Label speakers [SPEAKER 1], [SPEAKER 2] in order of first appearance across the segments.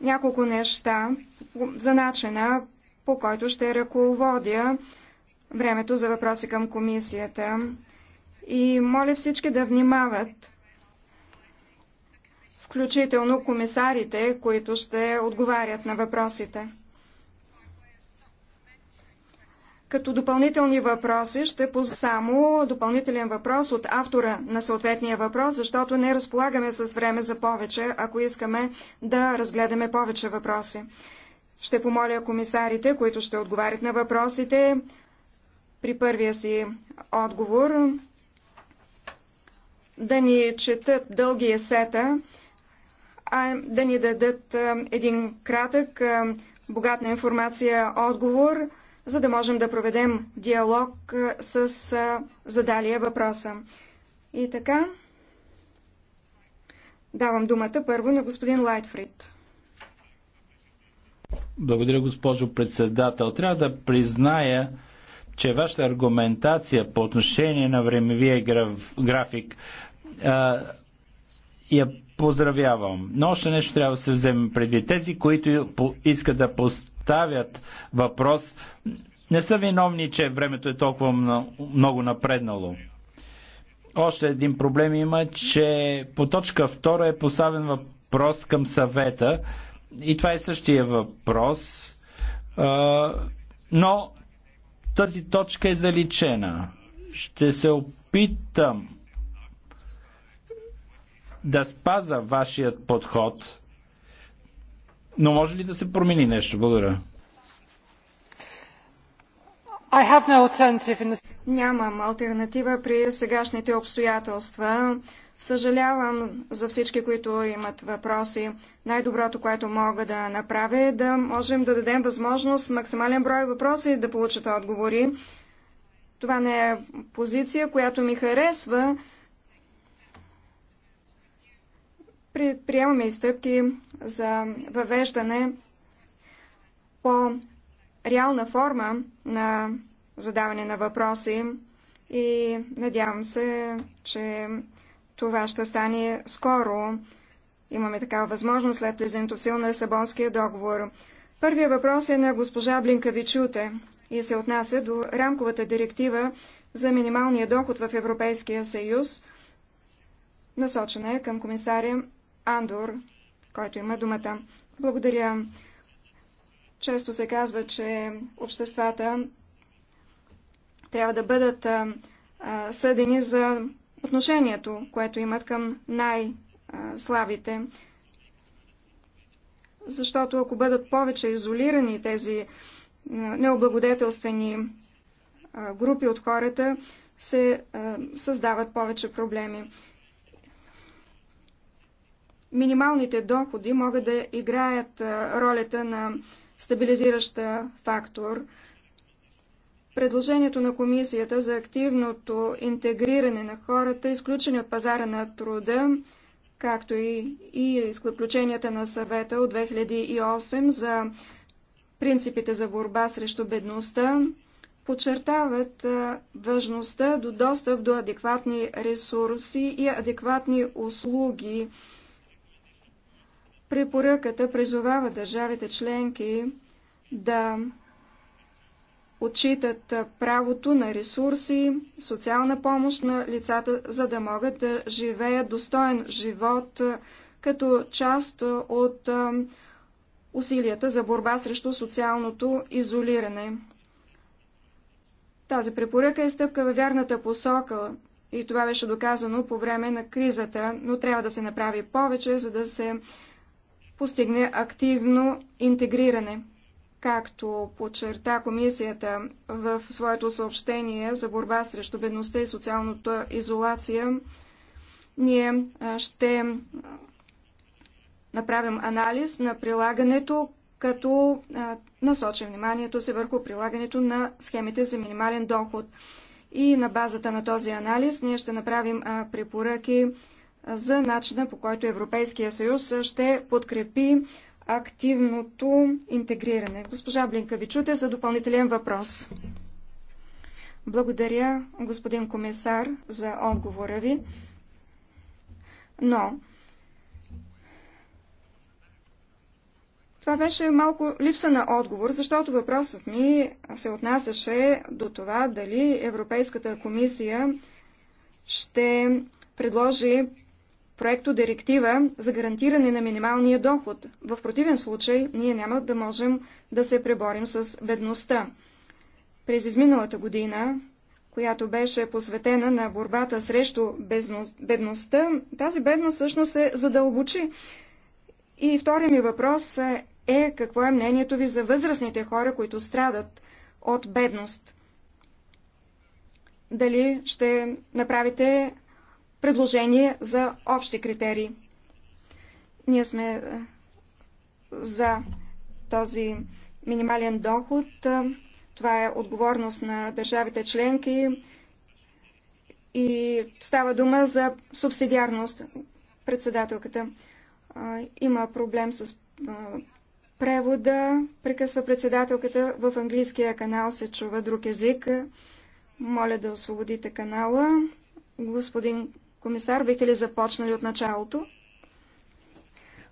[SPEAKER 1] няколко неща за начина, по който ще ръководя времето за въпроси към комисията. И моля всички да внимават, включително комисарите, които ще отговарят на въпросите. Като допълнителни въпроси ще позна само допълнителен въпрос от автора на съответния въпрос, защото не разполагаме с време за повече, ако искаме да разгледаме повече въпроси. Ще помоля комисарите, които ще отговарят на въпросите, при първия си отговор да ни четат дълги есета, а да ни дадат един кратък, богат на информация отговор, за да можем да проведем диалог с задалия въпроса. И така, давам думата първо на господин Лайтфрид.
[SPEAKER 2] Благодаря, госпожо председател. Трябва да призная, че вашата аргументация по отношение на времевия график я поздравявам. Но още нещо трябва да се вземе преди. Тези, които искат да поставят въпрос, не са виновни, че времето е толкова много напреднало. Още един проблем има, че по точка 2 е поставен въпрос към съвета и това е същия въпрос, но тази точка е заличена. Ще се опитам да спаза вашият подход, но може ли да се промени нещо? Благодаря.
[SPEAKER 1] I have no alternative in the... Нямам альтернатива при сегашните обстоятелства. Съжалявам за всички, които имат въпроси. Най-доброто, което мога да направя е да можем да дадем възможност максимален брой въпроси да получат отговори. Това не е позиция, която ми харесва, предприемаме и стъпки за въвеждане по реална форма на задаване на въпроси и надявам се, че това ще стане скоро. Имаме такава възможност след влизането в сила на Лисабонския договор. Първият въпрос е на госпожа Блинкавичуте и се отнася до рамковата директива за минималния доход в Европейския съюз. Насочена е към комисаря Андор, който има думата. Благодаря. Често се казва, че обществата трябва да бъдат съдени за отношението, което имат към най-слабите. Защото ако бъдат повече изолирани тези необлагодетелствени групи от хората, се създават повече проблеми минималните доходи могат да играят ролята на стабилизираща фактор. Предложението на Комисията за активното интегриране на хората, изключени от пазара на труда, както и, и изключенията на съвета от 2008 за принципите за борба срещу бедността, подчертават важността до достъп до адекватни ресурси и адекватни услуги Препоръката призовава държавите членки да отчитат правото на ресурси, социална помощ на лицата, за да могат да живеят достоен живот като част от усилията за борба срещу социалното изолиране. Тази препоръка е стъпка във вярната посока и това беше доказано по време на кризата, но трябва да се направи повече, за да се постигне активно интегриране. Както подчерта комисията в своето съобщение за борба срещу бедността и социалната изолация, ние ще направим анализ на прилагането, като насочим вниманието си върху прилагането на схемите за минимален доход. И на базата на този анализ ние ще направим препоръки за начина по който Европейския съюз ще подкрепи активното интегриране. Госпожа Блинка, ви чуте за допълнителен въпрос. Благодаря, господин комисар, за отговора ви. Но това беше малко липса на отговор, защото въпросът ми се отнасяше до това дали Европейската комисия ще предложи проекто директива за гарантиране на минималния доход. В противен случай ние няма да можем да се преборим с бедността. През изминалата година, която беше посветена на борбата срещу бедността, тази бедност всъщност се задълбочи. И втория ми въпрос е, е какво е мнението ви за възрастните хора, които страдат от бедност? Дали ще направите предложение за общи критерии. Ние сме е, за този минимален доход. Е, това е отговорност на държавите членки и става дума за субсидиарност. Председателката е, има проблем с превода. Прекъсва председателката. В английския канал се чува друг език. Моля да освободите канала. Господин Комисар, бихте ли започнали от началото?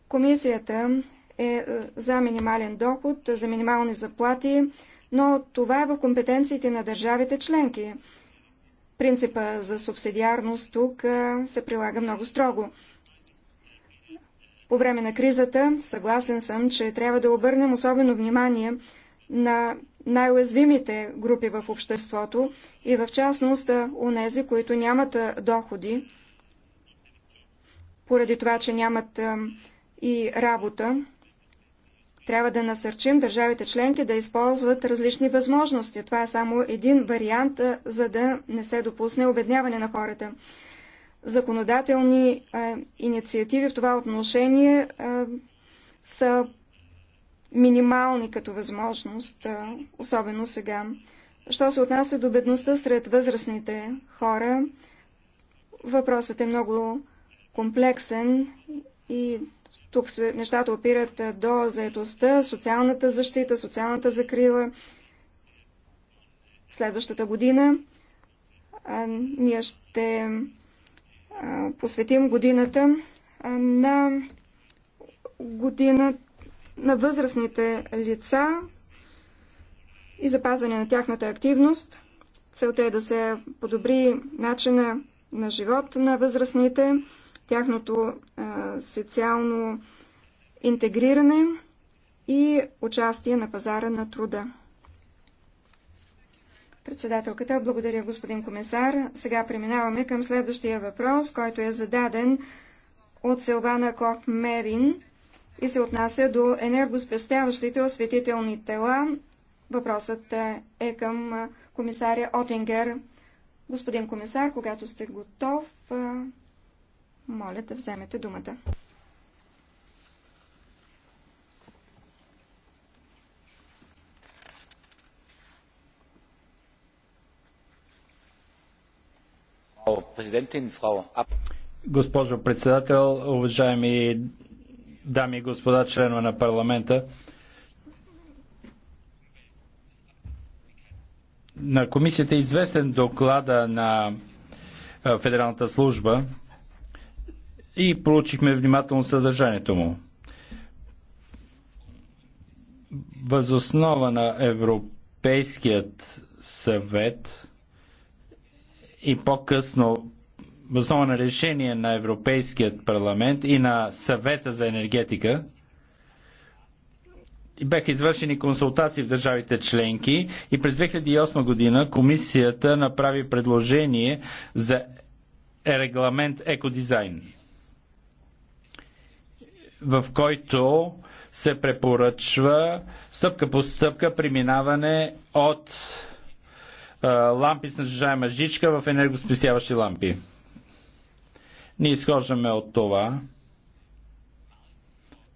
[SPEAKER 1] Комисията е, е за минимален доход, за минимални заплати, но това е в компетенциите на държавите членки. Принципа за субсидиарност тук е, се прилага много строго. По време на кризата съгласен съм, че трябва да обърнем особено внимание на най-уязвимите групи в обществото и в частност у нези, които нямат доходи, поради това, че нямат и работа. Трябва да насърчим държавите членки да използват различни възможности. Това е само един вариант, за да не се допусне обедняване на хората. Законодателни е, инициативи в това отношение е, са минимални като възможност, особено сега. Що се отнася до бедността сред възрастните хора, въпросът е много комплексен и тук нещата опират до заедостта, социалната защита, социалната закрила. Следващата година а, ние ще а, посветим годината а, на годината на възрастните лица и запазване на тяхната активност. Целта е да се подобри начина на живот на възрастните, тяхното а, социално интегриране и участие на пазара на труда. Председателката, благодаря господин комисар. Сега преминаваме към следващия въпрос, който е зададен от Силвана Кох Мерин и се отнася до енергоспестяващите осветителни тела. Въпросът е, е към е, комисаря Отингер. Господин комисар, когато сте готов, е, моля да вземете думата.
[SPEAKER 2] Госпожо председател, уважаеми дами и господа членове на парламента, на комисията е известен доклада на Федералната служба и проучихме внимателно съдържанието му. Възоснова на Европейският съвет и по-късно основа на решение на Европейският парламент и на съвета за енергетика бяха извършени консултации в държавите членки и през 2008 година комисията направи предложение за регламент екодизайн, в който се препоръчва стъпка по стъпка преминаване от лампи с нажижаема жичка в енергоспесяващи лампи. Ние изхождаме от това,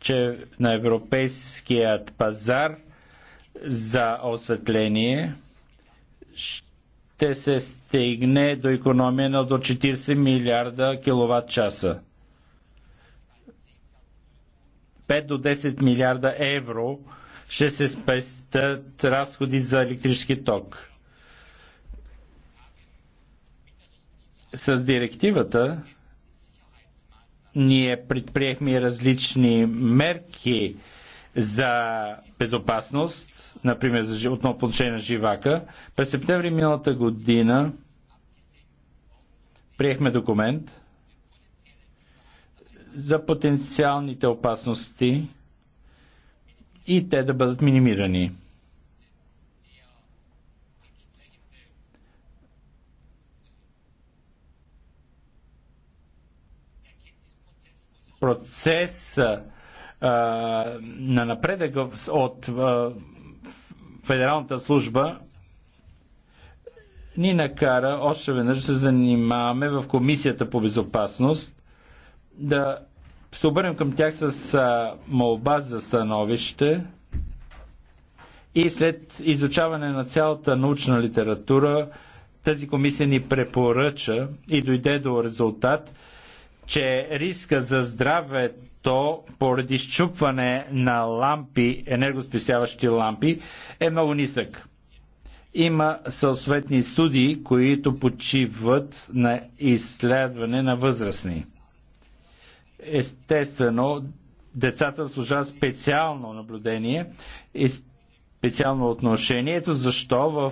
[SPEAKER 2] че на европейският пазар за осветление ще се стигне до економия на до 40 милиарда киловатт часа. 5 до 10 милиарда евро ще се спестят разходи за електрически ток. С директивата ние предприехме различни мерки за безопасност, например за отново по отношение на живака. През септември миналата година приехме документ за потенциалните опасности и те да бъдат минимирани. процес а, на напредък от а, Федералната служба ни накара още веднъж се занимаваме в Комисията по безопасност да се обърнем към тях с а, молба за становище и след изучаване на цялата научна литература тази комисия ни препоръча и дойде до резултат – че риска за здравето поради щупване на лампи, енергоспесяващи лампи, е много нисък. Има съответни студии, които почиват на изследване на възрастни. Естествено, децата служат специално наблюдение и специално отношение. Ето защо в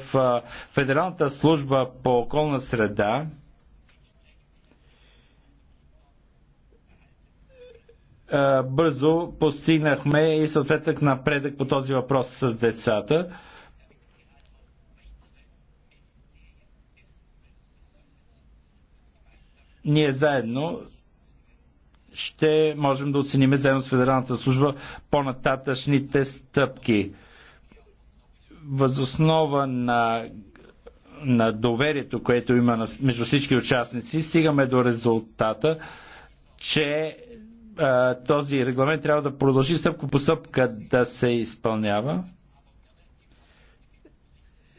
[SPEAKER 2] Федералната служба по околна среда Е, бързо постигнахме и съответък напредък по този въпрос с децата. Ние заедно ще можем да оценим заедно с Федералната служба по-нататъчните стъпки. Възоснова на, на доверието, което има между всички участници, стигаме до резултата, че този регламент трябва да продължи стъпка по стъпка да се изпълнява.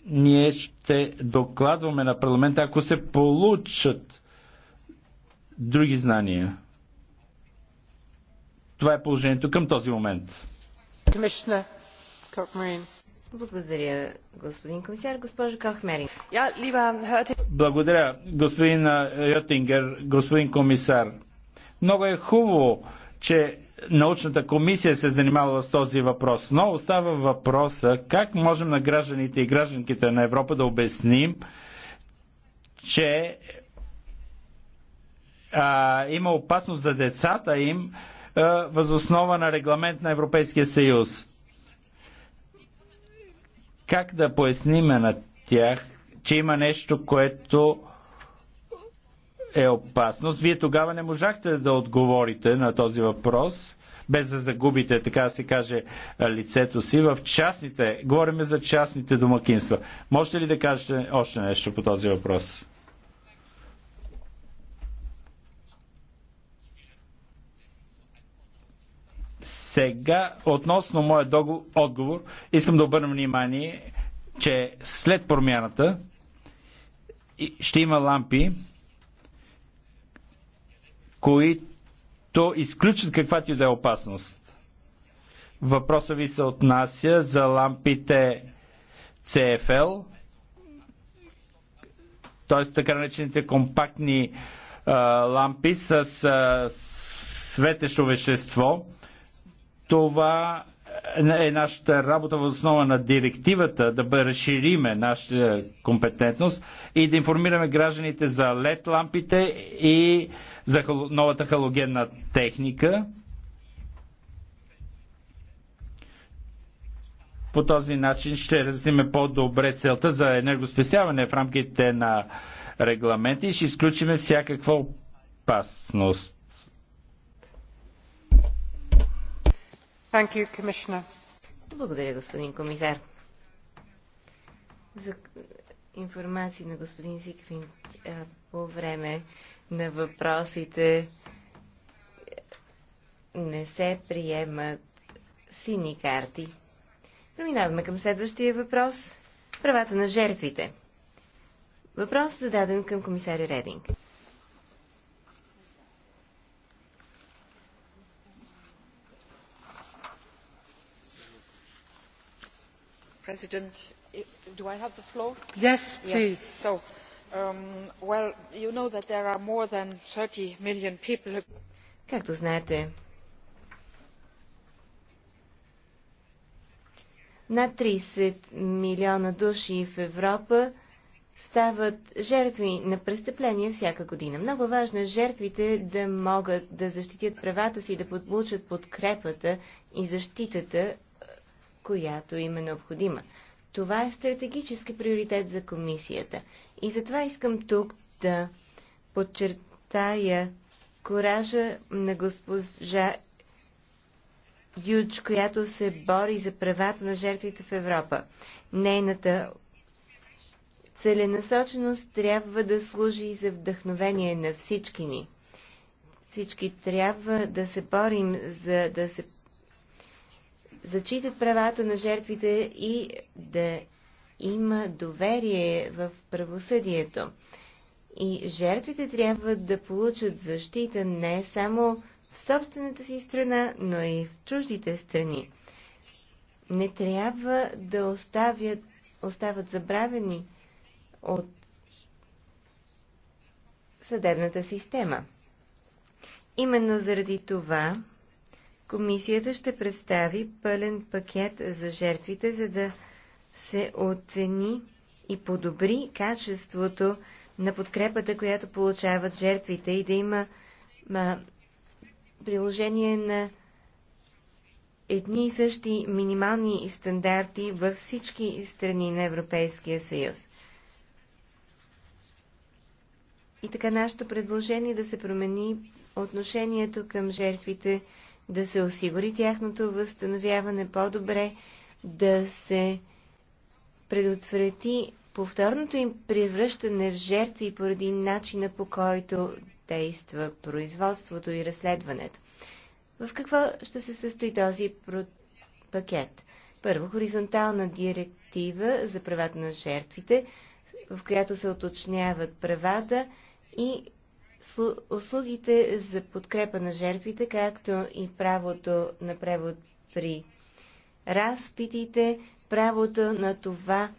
[SPEAKER 2] Ние ще докладваме на парламента, ако се получат други знания. Това е положението към този момент.
[SPEAKER 3] Благодаря, господин комисар. Госпожа Кахмери.
[SPEAKER 2] Благодаря, господин Йотингер, господин комисар. Много е хубаво, че научната комисия се е занимава с този въпрос, но остава въпроса как можем на гражданите и гражданките на Европа да обясним, че а, има опасност за децата им а, възоснова на регламент на Европейския съюз. Как да поясниме на тях, че има нещо, което е опасност. Вие тогава не можахте да отговорите на този въпрос, без да загубите, така да се каже, лицето си в частните, говориме за частните домакинства. Можете ли да кажете още нещо по този въпрос? Сега, относно моят отговор, искам да обърна внимание, че след промяната ще има лампи, които изключват каквато и да е опасност. Въпросът ви се отнася за лампите CFL, т.е. така наречените компактни а, лампи с а, светещо вещество. Това е, е нашата работа в основа на директивата да разшириме нашата компетентност и да информираме гражданите за LED лампите и за новата халогенна техника. По този начин ще разясниме по-добре целта за енергоспесяване в рамките на регламенти и ще изключиме всякаква опасност.
[SPEAKER 3] Благодаря, господин комисар. За информация на господин Зиквин по време на въпросите не се приемат сини карти. Преминаваме към следващия въпрос. Правата на жертвите. Въпрос зададен към комисаря Рединг.
[SPEAKER 1] President, do I have the floor? Yes, please. Um, you know that there are more than million people
[SPEAKER 3] Както знаете, над 30 милиона души в Европа стават жертви на престъпления всяка година. Много важно е жертвите да могат да защитят правата си, да получат подкрепата и защитата, която им е необходима. Това е стратегически приоритет за комисията. И затова искам тук да подчертая коража на госпожа Юч, която се бори за правата на жертвите в Европа. Нейната целенасоченост трябва да служи и за вдъхновение на всички ни. Всички трябва да се борим, за да се зачитат правата на жертвите и да има доверие в правосъдието. И жертвите трябва да получат защита не само в собствената си страна, но и в чуждите страни. Не трябва да оставят, остават забравени от съдебната система. Именно заради това Комисията ще представи пълен пакет за жертвите, за да се оцени и подобри качеството на подкрепата, която получават жертвите и да има приложение на едни и същи минимални стандарти във всички страни на Европейския съюз. И така нашето предложение е да се промени отношението към жертвите да се осигури тяхното възстановяване по-добре, да се предотврати повторното им превръщане в жертви поради начина по който действа производството и разследването. В какво ще се състои този пакет? Първо, хоризонтална директива за правата на жертвите, в която се уточняват правата и услугите за подкрепа на жертвите, както и правото на превод при разпитите, правото на това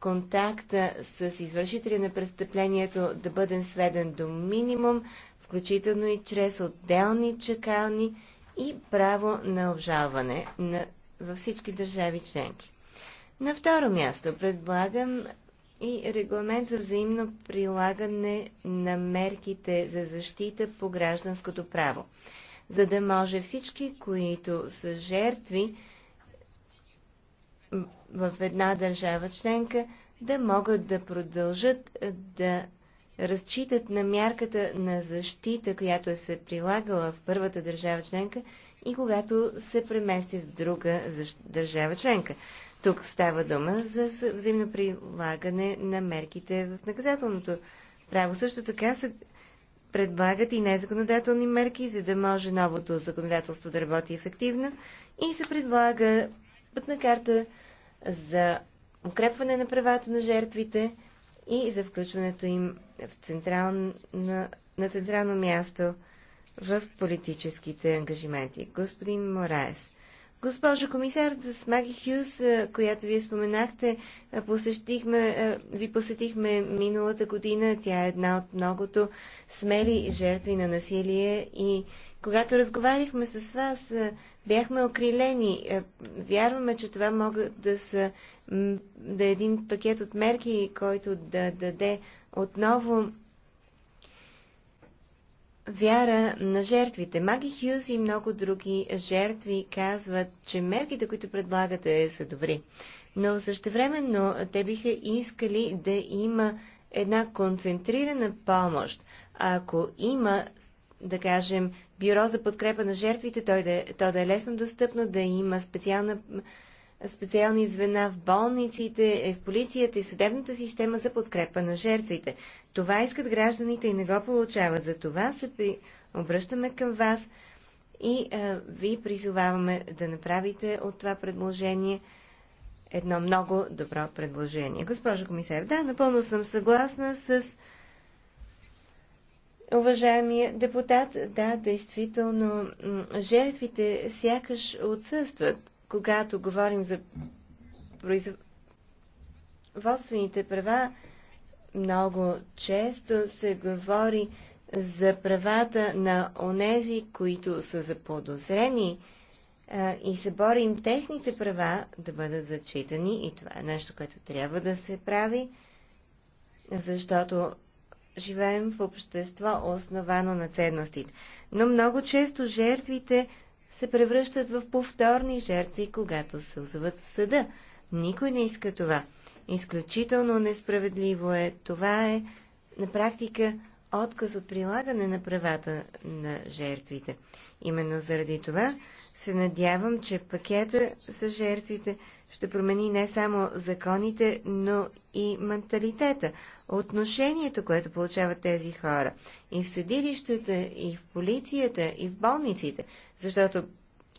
[SPEAKER 3] контакта с извършителя на престъплението да бъде сведен до минимум, включително и чрез отделни чакални и право на обжалване на, във всички държави членки. На второ място предлагам и регламент за взаимно прилагане на мерките за защита по гражданското право, за да може всички, които са жертви в една държава членка, да могат да продължат да разчитат на мярката на защита, която е се прилагала в първата държава членка и когато се премести в друга държава членка. Тук става дума за взаимно прилагане на мерките в наказателното право. Също така се предлагат и незаконодателни мерки, за да може новото законодателство да работи ефективно и се предлага пътна карта за укрепване на правата на жертвите и за включването им в централно, на, на централно място в политическите ангажименти. Господин Мораес, Госпожо комисар, с Маги Хюс, която вие споменахте, посетихме, ви посетихме миналата година. Тя е една от многото смели жертви на насилие и когато разговаряхме с вас, бяхме окрилени. Вярваме, че това могат да са да е един пакет от мерки, който да даде отново вяра на жертвите. Маги Хюз и много други жертви казват, че мерките, които предлагате, са добри. Но същевременно те биха искали да има една концентрирана помощ. ако има, да кажем, бюро за подкрепа на жертвите, да, е, то да е лесно достъпно, да има специална специални звена в болниците, е в полицията и в съдебната система за подкрепа на жертвите. Това искат гражданите и не го получават. За това се при... обръщаме към вас и а, ви призоваваме да направите от това предложение едно много добро предложение. Госпожо комисар, да, напълно съм съгласна с уважаемия депутат. Да, действително, жертвите сякаш отсъстват когато говорим за производствените права, много често се говори за правата на онези, които са заподозрени и се борим техните права да бъдат зачитани и това е нещо, което трябва да се прави, защото живеем в общество, основано на ценностите. Но много често жертвите се превръщат в повторни жертви, когато се озоват в съда. Никой не иска това. Изключително несправедливо е. Това е на практика отказ от прилагане на правата на жертвите. Именно заради това се надявам, че пакета за жертвите ще промени не само законите, но и менталитета, отношението, което получават тези хора и в съдилищата, и в полицията, и в болниците. Защото,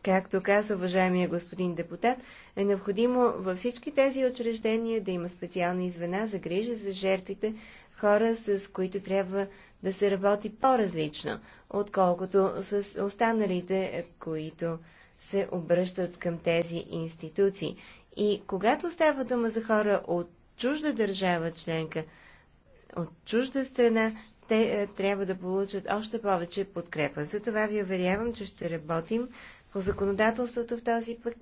[SPEAKER 3] както каза уважаемия господин депутат, е необходимо във всички тези учреждения да има специални звена за грижа за жертвите, хора, с които трябва да се работи по-различно, отколкото с останалите, които се обръщат към тези институции. И когато става дума за хора от чужда държава членка, от чужда страна, те е, трябва да получат още повече подкрепа. За това ви уверявам, че ще работим по законодателството в този е,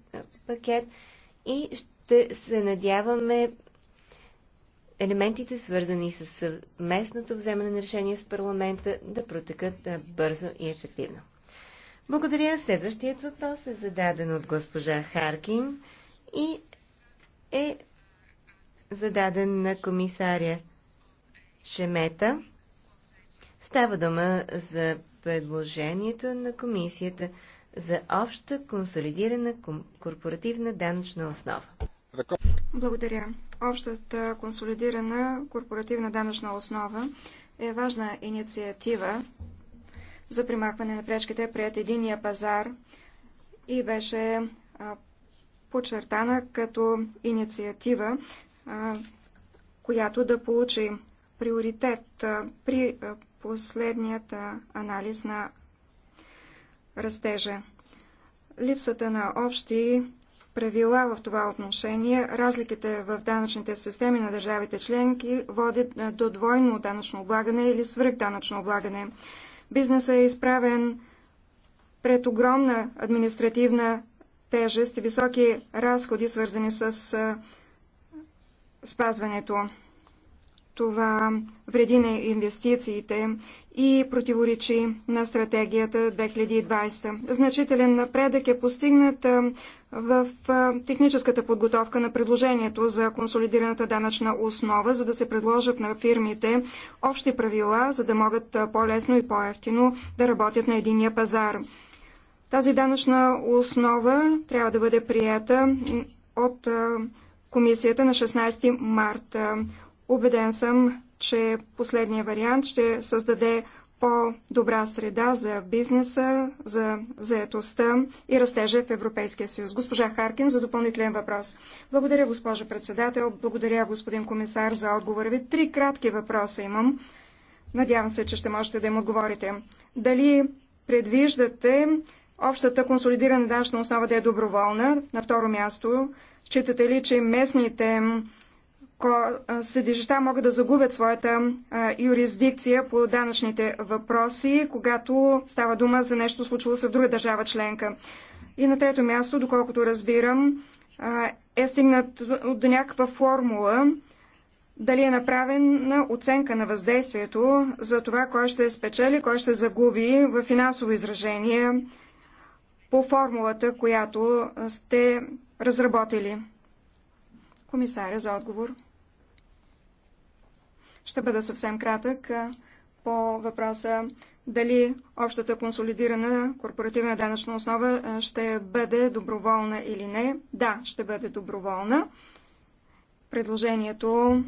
[SPEAKER 3] пакет и ще се надяваме елементите, свързани с местното вземане на решение с парламента, да протекат е, бързо и ефективно. Благодаря. Следващият въпрос е зададен от госпожа Харкин и е зададен на комисаря Шемета Става дума за предложението на комисията за обща консолидирана корпоративна данъчна основа.
[SPEAKER 1] Благодаря. Общата консолидирана корпоративна данъчна основа е важна инициатива за примахване на пречките пред единия пазар и беше подчертана като инициатива, която да получи приоритет при последният анализ на растежа. Липсата на общи правила в това отношение, разликите в данъчните системи на държавите членки водят до двойно данъчно облагане или свръхданъчно облагане. Бизнесът е изправен пред огромна административна тежест и високи разходи, свързани с спазването това вреди на инвестициите и противоречи на стратегията 2020. Значителен напредък е постигнат в техническата подготовка на предложението за консолидираната данъчна основа, за да се предложат на фирмите общи правила, за да могат по-лесно и по-ефтино да работят на единия пазар. Тази данъчна основа трябва да бъде приета от комисията на 16 марта. Убеден съм, че последния вариант ще създаде по-добра среда за бизнеса, за заетостта и растежа в Европейския съюз. Госпожа Харкин за допълнителен въпрос. Благодаря, госпожа председател. Благодаря, господин комисар, за отговора ви. Три кратки въпроса имам. Надявам се, че ще можете да им отговорите. Дали предвиждате общата консолидирана данъчна основа да е доброволна? На второ място, считате ли, че местните съдилища могат да загубят своята юрисдикция по данъчните въпроси, когато става дума за нещо случило се в друга държава членка. И на трето място, доколкото разбирам, е стигнат до някаква формула, дали е направена оценка на въздействието за това, кой ще е спечели, кой ще загуби в финансово изражение по формулата, която сте разработили. Комисаря за отговор. Ще бъда съвсем кратък по въпроса дали общата консолидирана корпоративна данъчна основа ще бъде доброволна или не. Да, ще бъде доброволна. Предложението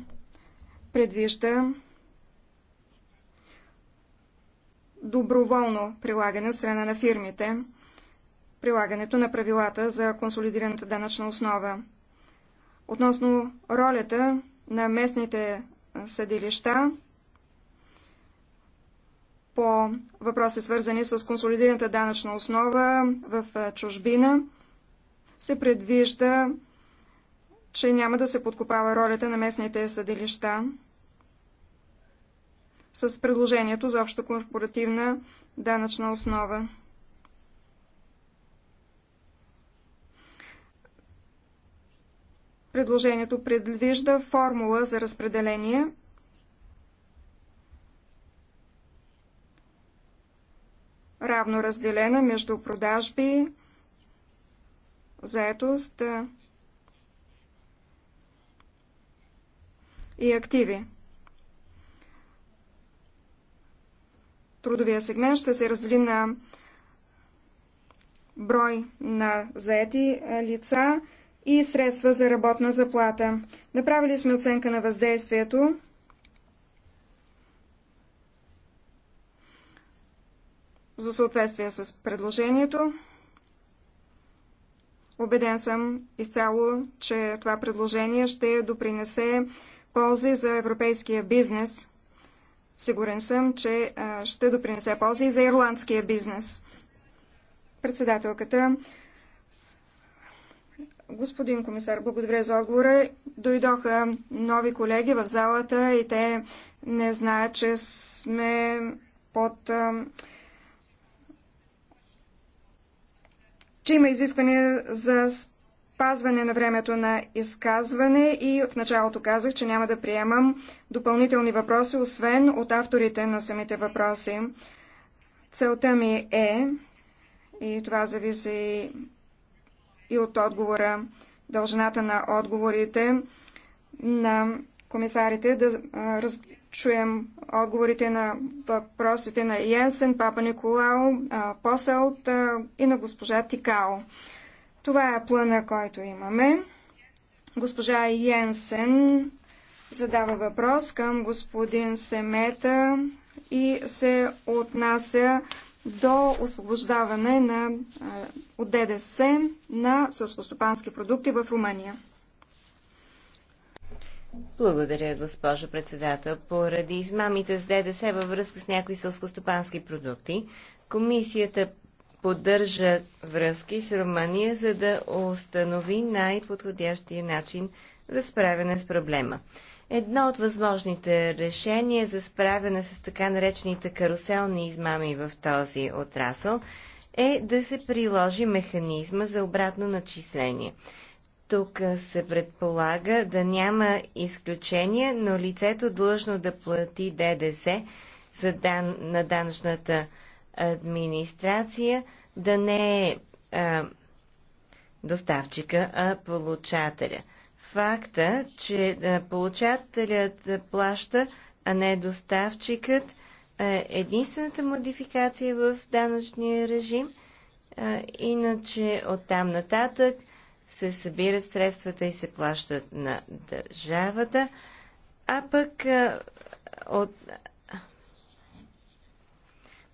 [SPEAKER 1] предвижда доброволно прилагане от страна на фирмите, прилагането на правилата за консолидираната данъчна основа. Относно ролята на местните съдилища по въпроси свързани с консолидираната данъчна основа в чужбина се предвижда, че няма да се подкопава ролята на местните съдилища с предложението за обща корпоративна данъчна основа. Предложението предвижда формула за разпределение. равно разделена между продажби, заетост и активи. Трудовия сегмент ще се раздели на брой на заети лица и средства за работна заплата. Направили сме оценка на въздействието. за съответствие с предложението. Обеден съм изцяло, че това предложение ще допринесе ползи за европейския бизнес. Сигурен съм, че ще допринесе ползи и за ирландския бизнес. Председателката Господин комисар, благодаря за отговора. Дойдоха нови колеги в залата и те не знаят, че сме под... че има изискване за спазване на времето на изказване и в началото казах, че няма да приемам допълнителни въпроси, освен от авторите на самите въпроси. Целта ми е, и това зависи и от отговора, дължината на отговорите на комисарите, да разчуем чуем отговорите на въпросите на Йенсен, Папа Николао, Поселт и на госпожа Тикао. Това е плана, който имаме. Госпожа Йенсен задава въпрос към господин Семета и се отнася до освобождаване на, от ДДС на сълскостопански продукти в Румъния.
[SPEAKER 3] Благодаря, госпожо председател. Поради измамите с ДДС във връзка с някои сълскостопански продукти, комисията поддържа връзки с Румъния, за да установи най-подходящия начин за справяне с проблема. Едно от възможните решения за справяне с така наречените каруселни измами в този отрасъл е да се приложи механизма за обратно начисление. Тук се предполага да няма изключения, но лицето длъжно да плати ДДС за дан... на данъчната администрация да не е а, доставчика, а получателя факта, че е, получателят плаща, а не доставчикът, е, единствената модификация в данъчния режим. Е, иначе от там нататък се събират средствата и се плащат на държавата, а пък от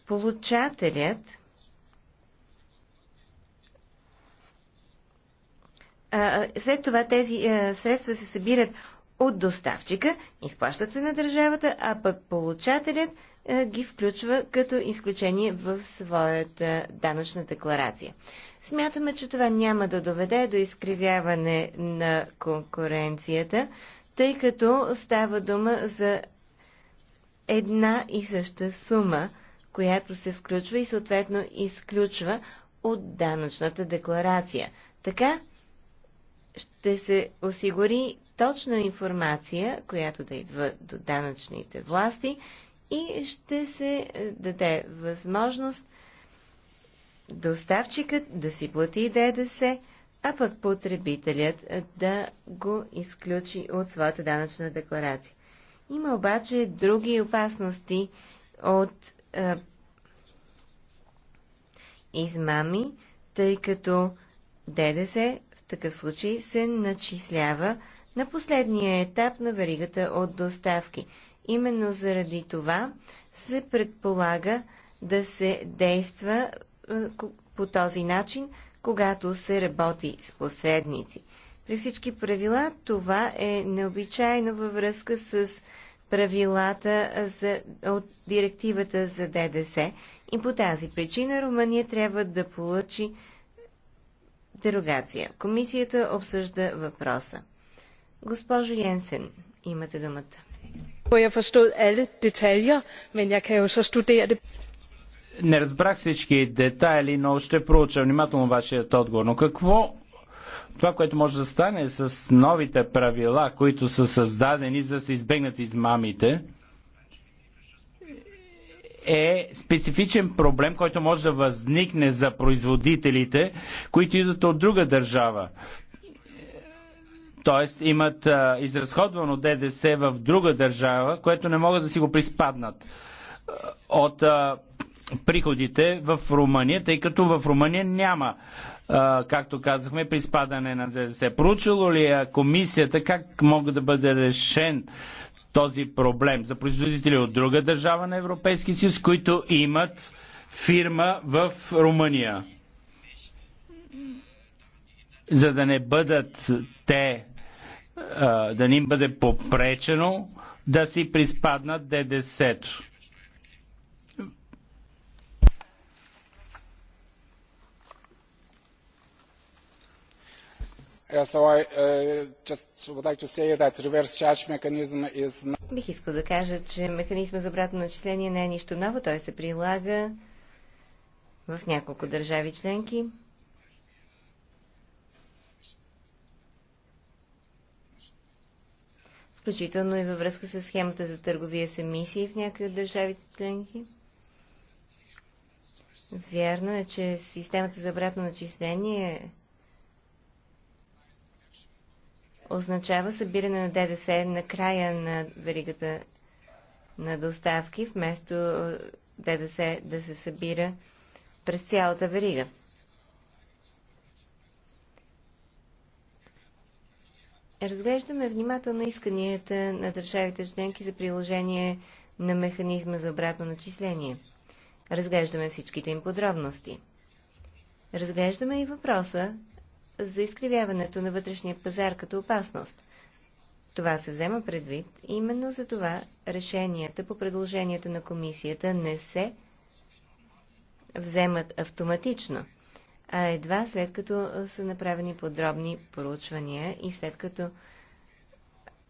[SPEAKER 3] получателят След това тези средства се събират от доставчика, изплащат се на държавата, а пък получателят ги включва като изключение в своята данъчна декларация. Смятаме, че това няма да доведе до изкривяване на конкуренцията, тъй като става дума за една и съща сума, която се включва и съответно изключва от данъчната декларация. Така ще се осигури точна информация, която да идва до данъчните власти и ще се е, даде възможност доставчикът да си плати ДДС, а пък потребителят е, да го изключи от своята данъчна декларация. Има обаче други опасности от е, измами, тъй като ДДС такъв случай се начислява на последния етап на веригата от доставки. Именно заради това се предполага да се действа е, по този начин, когато се работи с посредници. При всички правила това е необичайно във връзка с правилата за, от директивата за ДДС и по тази причина Румъния трябва да получи дерогация. Комисията обсъжда въпроса. Госпожо Йенсен, имате думата.
[SPEAKER 1] forstod alle detaljer, men jeg kan jo så studere det.
[SPEAKER 2] Не разбрах всички детайли, но ще проуча внимателно вашият отговор. Но какво това, което може да стане с новите правила, които са създадени за да се избегнат измамите, е специфичен проблем, който може да възникне за производителите, които идват от друга държава. Тоест имат а, изразходвано ДДС в друга държава, което не могат да си го приспаднат от а, приходите в Румъния, тъй като в Румъния няма, а, както казахме, приспадане на ДДС. Проучило ли е комисията как мога да бъде решен този проблем за производители от друга държава на Европейски съюз, които имат фирма в Румъния. За да не бъдат те, да не им бъде попречено да си приспаднат ДДС-то. Uh,
[SPEAKER 3] Бих искал да кажа, че механизма за обратно начисление не е нищо ново. Той се прилага в няколко държави членки. Включително и във връзка с схемата за търговия с емисии в някои от държавите членки. Вярно е, че системата за обратно начисление означава събиране на ДДС на края на веригата на доставки, вместо е, ДДС да се събира през цялата верига. Разглеждаме внимателно исканията на държавите членки за приложение на механизма за обратно начисление. Разглеждаме всичките им подробности. Разглеждаме и въпроса за изкривяването на вътрешния пазар като опасност. Това се взема предвид, именно за това решенията по предложението на комисията не се вземат автоматично, а едва след като са направени подробни проучвания и след като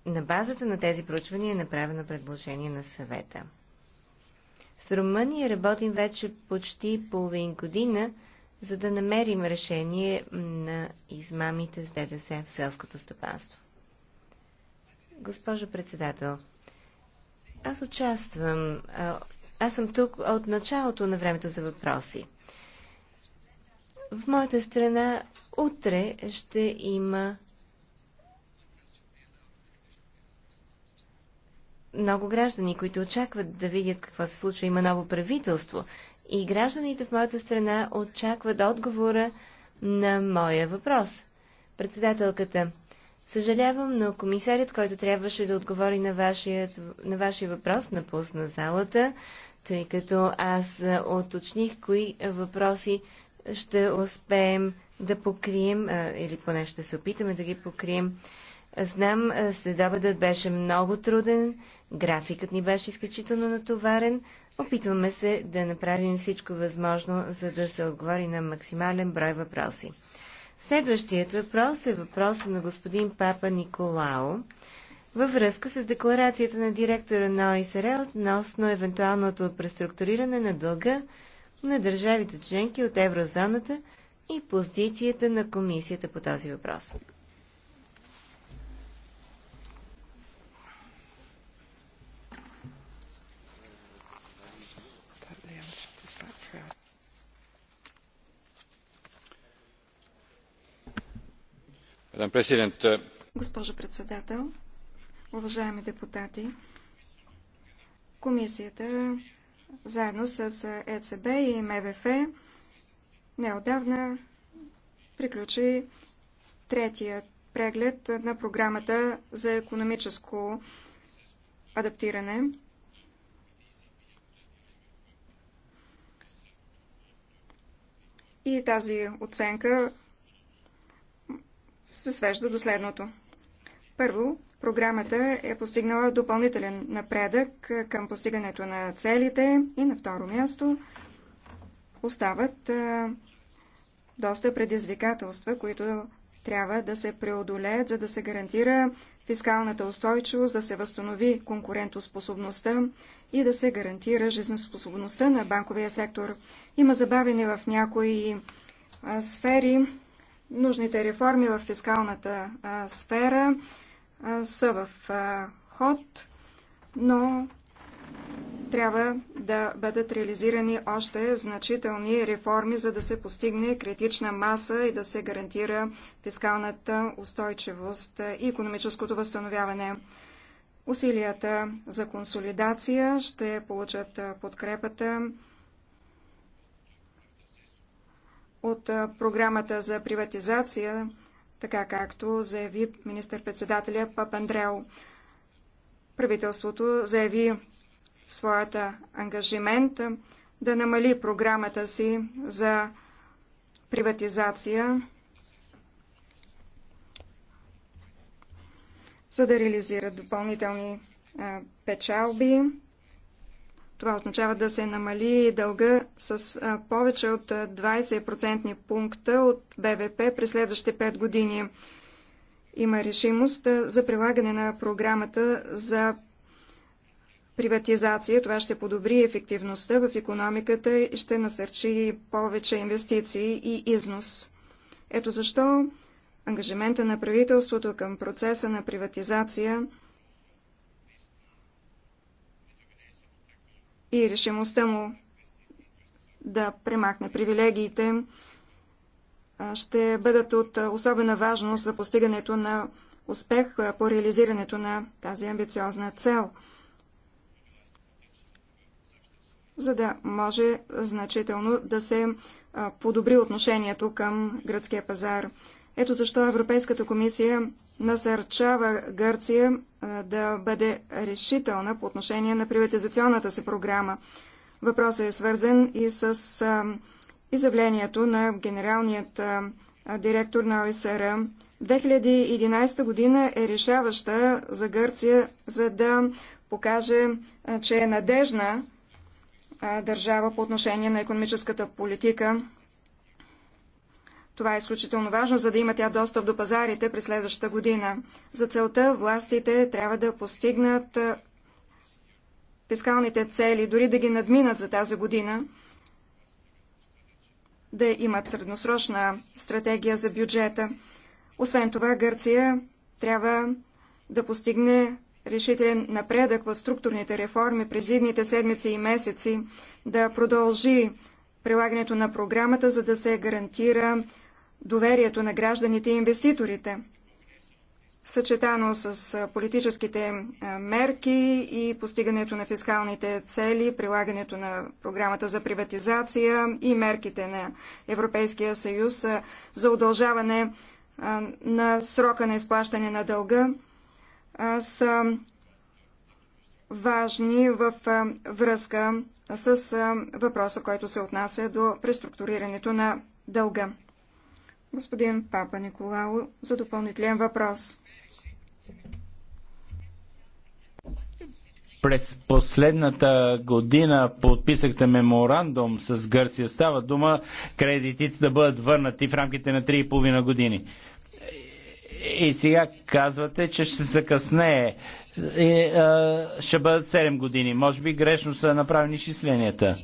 [SPEAKER 3] на базата на тези проучвания е направено предложение на съвета. С Румъния работим вече почти половин година за да намерим решение на измамите с ДДС в селското стопанство. Госпожо председател, аз участвам. Аз съм тук от началото на времето за въпроси. В моята страна утре ще има много граждани, които очакват да видят какво се случва. Има ново правителство и гражданите в моята страна очакват отговора на моя въпрос. Председателката, съжалявам, но комисарят, който трябваше да отговори на, вашият, на вашия въпрос, напусна залата, тъй като аз оточних кои въпроси ще успеем да покрием, или поне ще се опитаме да ги покрием Знам, следобедът беше много труден, графикът ни беше изключително натоварен. Опитваме се да направим всичко възможно, за да се отговори на максимален брой въпроси. Следващият въпрос е въпрос на господин Папа Николао във връзка с декларацията на директора на ОИСР относно евентуалното преструктуриране на дълга на държавите членки от еврозоната и позицията на комисията по този въпрос.
[SPEAKER 2] Uh,
[SPEAKER 1] Госпожо председател, уважаеми депутати, комисията заедно с ЕЦБ и МВФ неодавна приключи третият преглед на програмата за економическо адаптиране. И тази оценка се свежда до следното. Първо, програмата е постигнала допълнителен напредък към постигането на целите и на второ място остават доста предизвикателства, които трябва да се преодолеят, за да се гарантира фискалната устойчивост, да се възстанови конкурентоспособността и да се гарантира жизнеспособността на банковия сектор. Има забавени в някои сфери, нужните реформи в фискалната а, сфера а, са в а, ход, но трябва да бъдат реализирани още значителни реформи, за да се постигне критична маса и да се гарантира фискалната устойчивост и економическото възстановяване. Усилията за консолидация ще получат подкрепата от програмата за приватизация, така както заяви министър-председателя Папандрео. Правителството заяви своята ангажимент да намали програмата си за приватизация, за да реализира допълнителни печалби. Това означава да се намали дълга с повече от 20% пункта от БВП през следващите 5 години. Има решимост за прилагане на програмата за приватизация. Това ще подобри ефективността в економиката и ще насърчи повече инвестиции и износ. Ето защо ангажимента на правителството към процеса на приватизация – и решимостта му да премахне привилегиите ще бъдат от особена важност за постигането на успех по реализирането на тази амбициозна цел, за да може значително да се подобри отношението към гръцкия пазар. Ето защо Европейската комисия насърчава Гърция да бъде решителна по отношение на приватизационната си програма. Въпросът е свързан и с изявлението на генералният директор на ОСР. 2011 година е решаваща за Гърция, за да покаже, че е надежна държава по отношение на економическата политика това е изключително важно, за да има тя достъп до пазарите през следващата година. За целта властите трябва да постигнат фискалните цели, дори да ги надминат за тази година, да имат средносрочна стратегия за бюджета. Освен това, Гърция трябва да постигне решителен напредък в структурните реформи през идните седмици и месеци, да продължи прилагането на програмата, за да се гарантира доверието на гражданите и инвеститорите, съчетано с политическите мерки и постигането на фискалните цели, прилагането на програмата за приватизация и мерките на Европейския съюз за удължаване на срока на изплащане на дълга са важни в връзка с въпроса, който се отнася до преструктурирането на дълга господин Папа Николао за допълнителен въпрос.
[SPEAKER 2] През последната година подписахте меморандум с Гърция. Става дума кредитите да бъдат върнати в рамките на 3,5 години. И сега казвате, че ще се закъснее. И, а, ще бъдат 7 години. Може би грешно са направени изчисленията.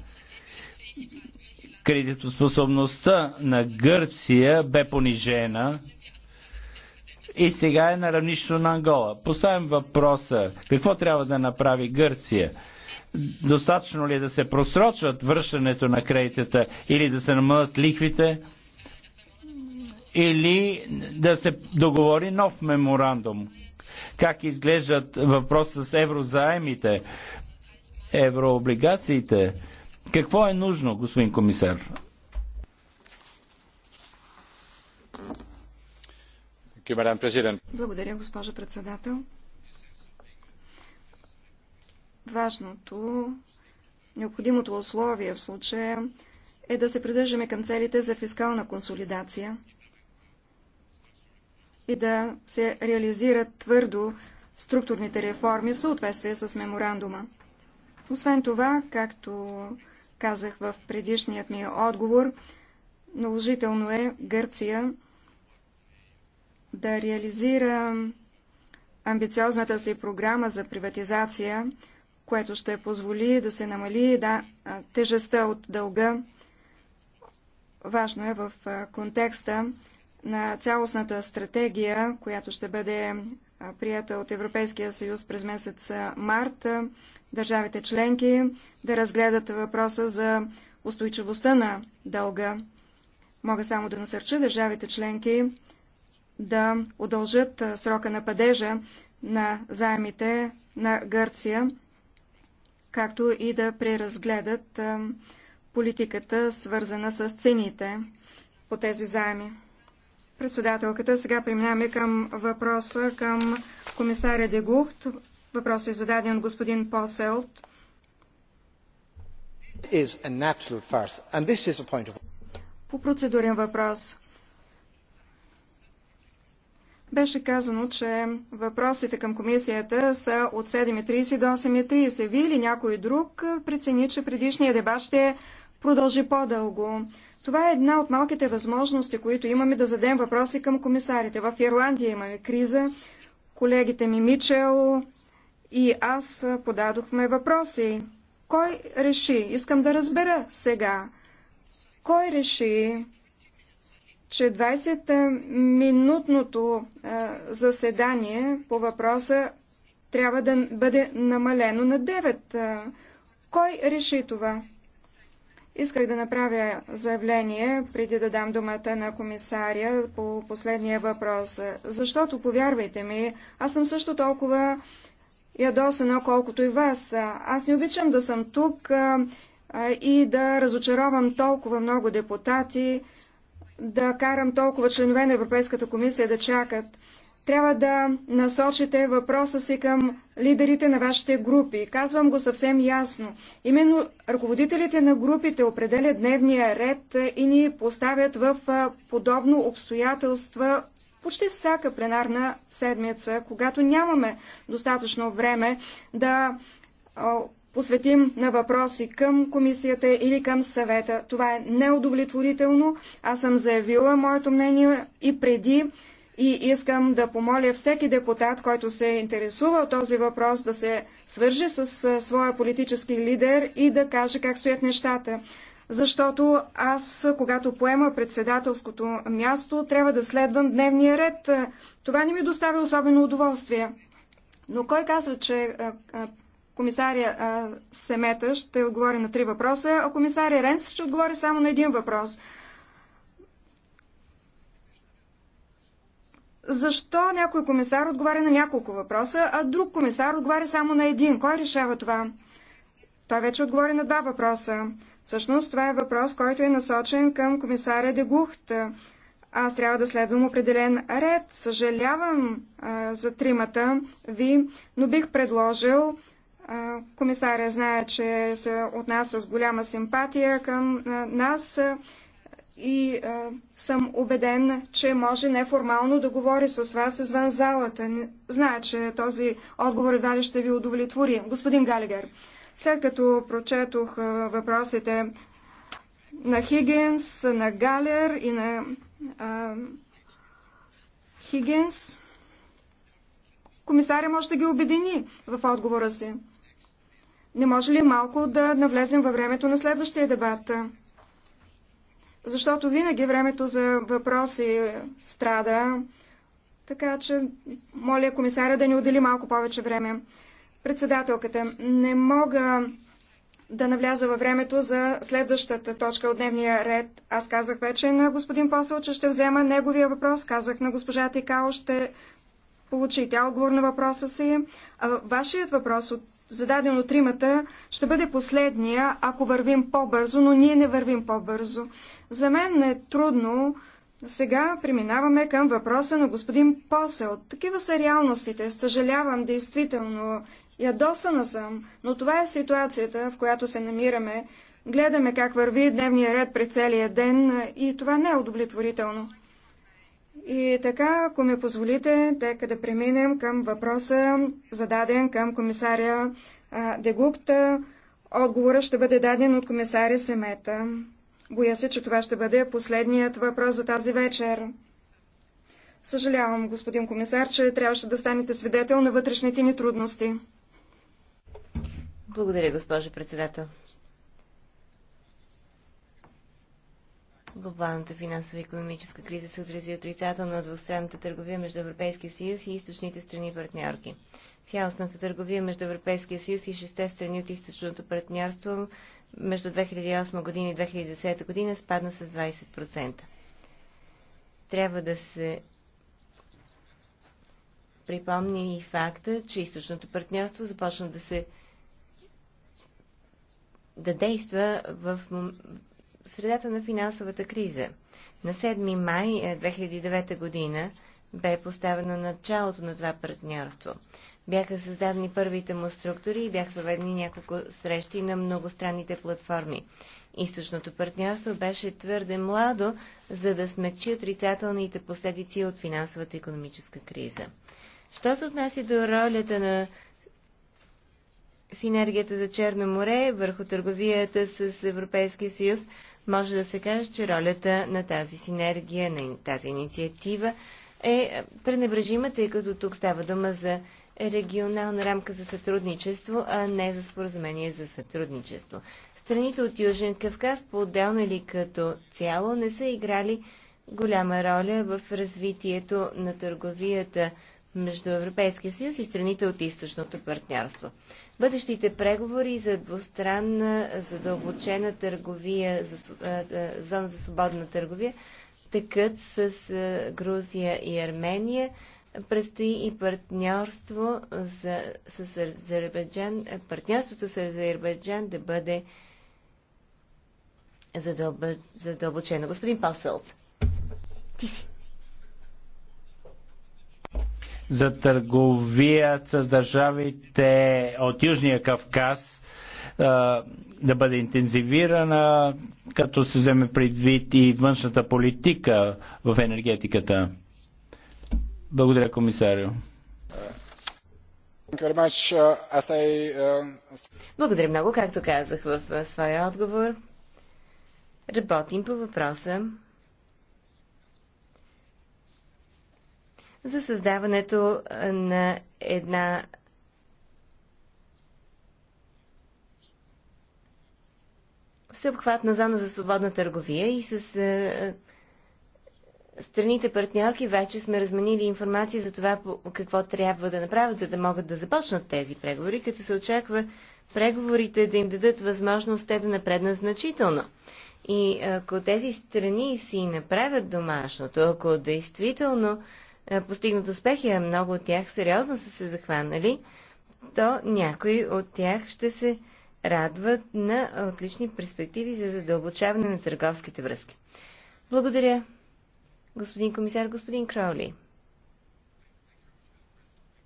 [SPEAKER 2] Кредитоспособността на Гърция бе понижена и сега е на равнището на Ангола. Поставям въпроса, какво трябва да направи Гърция? Достатъчно ли е да се просрочват връщането на кредитата или да се намалят лихвите? Или да се договори нов меморандум? Как изглеждат въпроса с еврозаемите, еврооблигациите? Какво е нужно, господин комисар?
[SPEAKER 1] Благодаря, госпожа председател. Важното, необходимото условие в случая е да се придържаме към целите за фискална консолидация и да се реализират твърдо структурните реформи в съответствие с меморандума. Освен това, както казах в предишният ми отговор, наложително е Гърция да реализира амбициозната си програма за приватизация, което ще позволи да се намали да, тежестта от дълга. Важно е в контекста на цялостната стратегия, която ще бъде прията от Европейския съюз през месец март, държавите членки да разгледат въпроса за устойчивостта на дълга. Мога само да насърча държавите членки да удължат срока на падежа на заемите на Гърция, както и да преразгледат политиката, свързана с цените по тези заеми. Председателката, сега преминаваме към въпроса към комисаря Дегухт. Въпросът е зададен от господин Поселт.
[SPEAKER 2] Of...
[SPEAKER 1] По процедурен въпрос. Беше казано, че въпросите към комисията са от 7.30 до 8.30. Вие или някой друг прецени, че предишния дебат ще продължи по-дълго. Това е една от малките възможности, които имаме да зададем въпроси към комисарите. В Ирландия имаме криза. Колегите ми Мичел и аз подадохме въпроси. Кой реши? Искам да разбера сега. Кой реши, че 20-минутното заседание по въпроса трябва да бъде намалено на 9? Кой реши това? Исках да направя заявление, преди да дам думата на комисаря по последния въпрос, защото, повярвайте ми, аз съм също толкова ядосена, колкото и вас. Аз не обичам да съм тук и да разочаровам толкова много депутати, да карам толкова членове на Европейската комисия да чакат трябва да насочите въпроса си към лидерите на вашите групи. Казвам го съвсем ясно. Именно ръководителите на групите определят дневния ред е, и ни поставят в е, подобно обстоятелства почти всяка пленарна седмица, когато нямаме достатъчно време да посветим на въпроси към комисията или към съвета. Това е неудовлетворително. Аз съм заявила моето мнение и преди и искам да помоля всеки депутат, който се интересува от този въпрос, да се свърже с своя политически лидер и да каже как стоят нещата. Защото аз, когато поема председателското място, трябва да следвам дневния ред. Това не ми доставя особено удоволствие. Но кой казва, че комисария Семета ще отговори на три въпроса, а комисария Ренс ще отговори само на един въпрос – Защо някой комисар отговаря на няколко въпроса, а друг комисар отговаря само на един? Кой решава това? Той вече отговори на два въпроса. Всъщност това е въпрос, който е насочен към комисаря Дегухт. Аз трябва да следвам определен ред. Съжалявам а, за тримата ви, но бих предложил а, комисаря знае, че се отнася с голяма симпатия към а, нас. А, и а, съм убеден, че може неформално да говори с вас извън залата. Зная, че този отговор едва ли ще ви удовлетвори. Господин Галигер, след като прочетох а, въпросите на Хигенс, на Галер и на а, Хигенс, комисаря може да ги обедини в отговора си. Не може ли малко да навлезем във времето на следващия дебат? защото винаги времето за въпроси страда, така че моля комисаря да ни отдели малко повече време. Председателката, не мога да навляза във времето за следващата точка от дневния ред. Аз казах вече на господин Посъл, че ще взема неговия въпрос, казах на госпожа Тикао, ще получите тя отговор на въпроса си. А вашият въпрос, от, зададен от тримата, ще бъде последния, ако вървим по-бързо, но ние не вървим по-бързо. За мен е трудно. Сега преминаваме към въпроса на господин Посел. Такива са реалностите. Съжалявам, действително. Ядосана съм, но това е ситуацията, в която се намираме. Гледаме как върви дневния ред през целия ден и това не е удовлетворително. И така, ако ми позволите, тека да преминем към въпроса, зададен към комисаря Дегукта. Отговора ще бъде даден от комисаря Семета. Боя се, че това ще бъде последният въпрос за тази вечер. Съжалявам, господин комисар, че трябваше да станете свидетел на вътрешните ни трудности.
[SPEAKER 3] Благодаря, госпожо председател. Глобалната финансова и економическа криза се отрази отрицателно от двустранната търговия между Европейския съюз и източните страни партньорки. Цялостната търговия между Европейския съюз и шесте страни от източното партньорство между 2008 година и 2010 година спадна с 20%. Трябва да се припомни и факта, че източното партньорство започна да се да действа в, средата на финансовата криза. На 7 май 2009 е, година бе поставено началото на това партньорство. Бяха създадени първите му структури и бяха въведени няколко срещи на многостранните платформи. Източното партньорство беше твърде младо, за да смекчи отрицателните последици от финансовата и економическа криза. Що се отнася до ролята на синергията за Черно море върху търговията с Европейския съюз, може да се каже, че ролята на тази синергия, на тази инициатива е пренебрежима, тъй като тук става дума за регионална рамка за сътрудничество, а не за споразумение за сътрудничество. Страните от Южен Кавказ по-отделно или като цяло не са играли голяма роля в развитието на търговията между Европейския съюз и страните от източното партньорство. Бъдещите преговори за двустранна задълбочена търговия, за, зона за свободна търговия, тъкът с Грузия и Армения. Предстои и партньорство за, с Азербайджан, партньорството с Азербайджан да бъде задълбочено. Господин Пасълт, ти си
[SPEAKER 2] за търговият с държавите от Южния Кавказ да бъде интензивирана, като се вземе предвид и външната политика в енергетиката. Благодаря, комисарио.
[SPEAKER 3] Благодаря много, както казах в своя отговор. Работим по въпроса за създаването на една всеобхватна зона за свободна търговия и с е, страните партньорки вече сме разменили информация за това какво трябва да направят, за да могат да започнат тези преговори, като се очаква преговорите да им дадат възможност те да напреднат значително. И ако тези страни си направят домашното, ако действително е, постигнат успехи, а е, много от тях сериозно са се захванали, то някои от тях ще се радват на отлични перспективи за задълбочаване на търговските връзки. Благодаря, господин комисар, господин Кроули.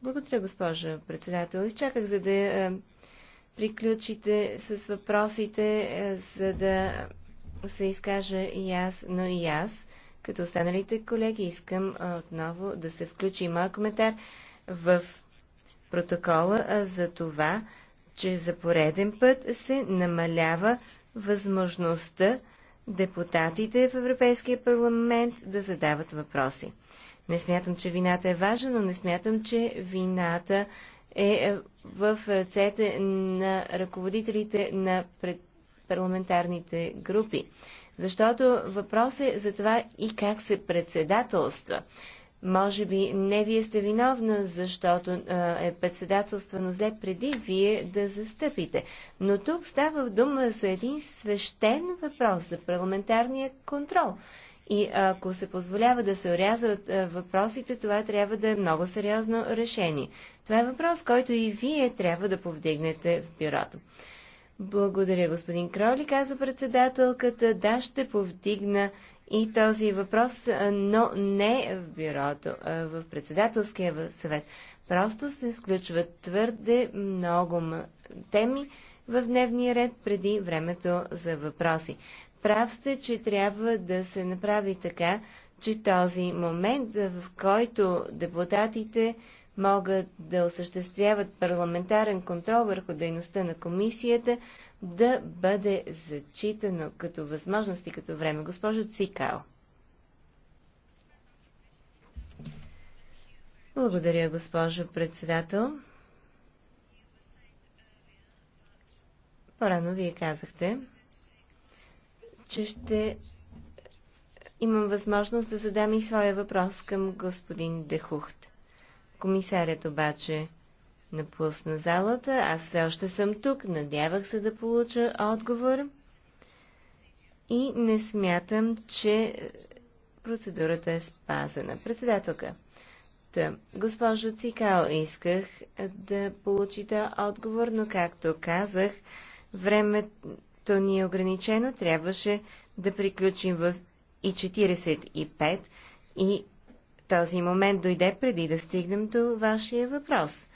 [SPEAKER 3] Благодаря, госпожа председател. Изчаках, за да е, приключите с въпросите, за да се изкажа и аз, но и аз като останалите колеги, искам отново да се включи и моят коментар в протокола за това, че за пореден път се намалява възможността депутатите в Европейския парламент да задават въпроси. Не смятам, че вината е важна, но не смятам, че вината е, е в ръцете на ръководителите на пред парламентарните групи. Защото въпрос е за това и как се председателства. Може би не вие сте виновна, защото е е председателствано зле преди вие да застъпите. Но тук става дума за един свещен въпрос за парламентарния контрол. И ако се позволява да се урязват въпросите, това трябва да е много сериозно решение. Това е въпрос, който и вие трябва да повдигнете в бюрото. Благодаря, господин Кроли, казва председателката. Да, ще повдигна и този въпрос, но не в бюрото, а в председателския съвет. Просто се включват твърде много теми в дневния ред преди времето за въпроси. Прав сте, че трябва да се направи така, че този момент, в който депутатите могат да осъществяват парламентарен контрол върху дейността на комисията, да бъде зачитано като възможност и като време. Госпожо Цикао. Благодаря, госпожо председател. Порано вие казахте, че ще имам възможност да задам и своя въпрос към господин Дехухт. Комисарят обаче напусна залата. Аз все още съм тук. Надявах се да получа отговор. И не смятам, че процедурата е спазена. Председателка. Та, госпожо Цикао, исках да получите отговор, но както казах, времето ни е ограничено. Трябваше да приключим в и 45 и този момент дойде преди да стигнем до вашия въпрос.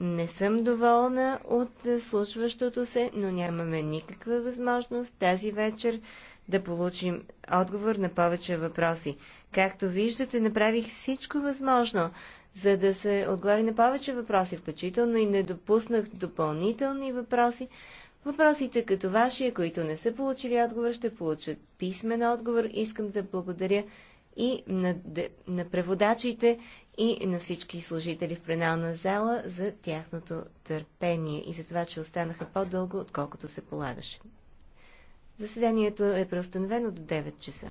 [SPEAKER 3] Не съм доволна от случващото се, но нямаме никаква възможност тази вечер да получим отговор на повече въпроси. Както виждате, направих всичко възможно, за да се отговори на повече въпроси, включително и не допуснах допълнителни въпроси. Въпросите като вашия, които не са получили отговор, ще получат писмен отговор. Искам да благодаря и на, на преводачите и на всички служители в пренална зала за тяхното търпение и за това, че останаха по-дълго, отколкото се полагаше. Заседанието е преустановено до 9 часа.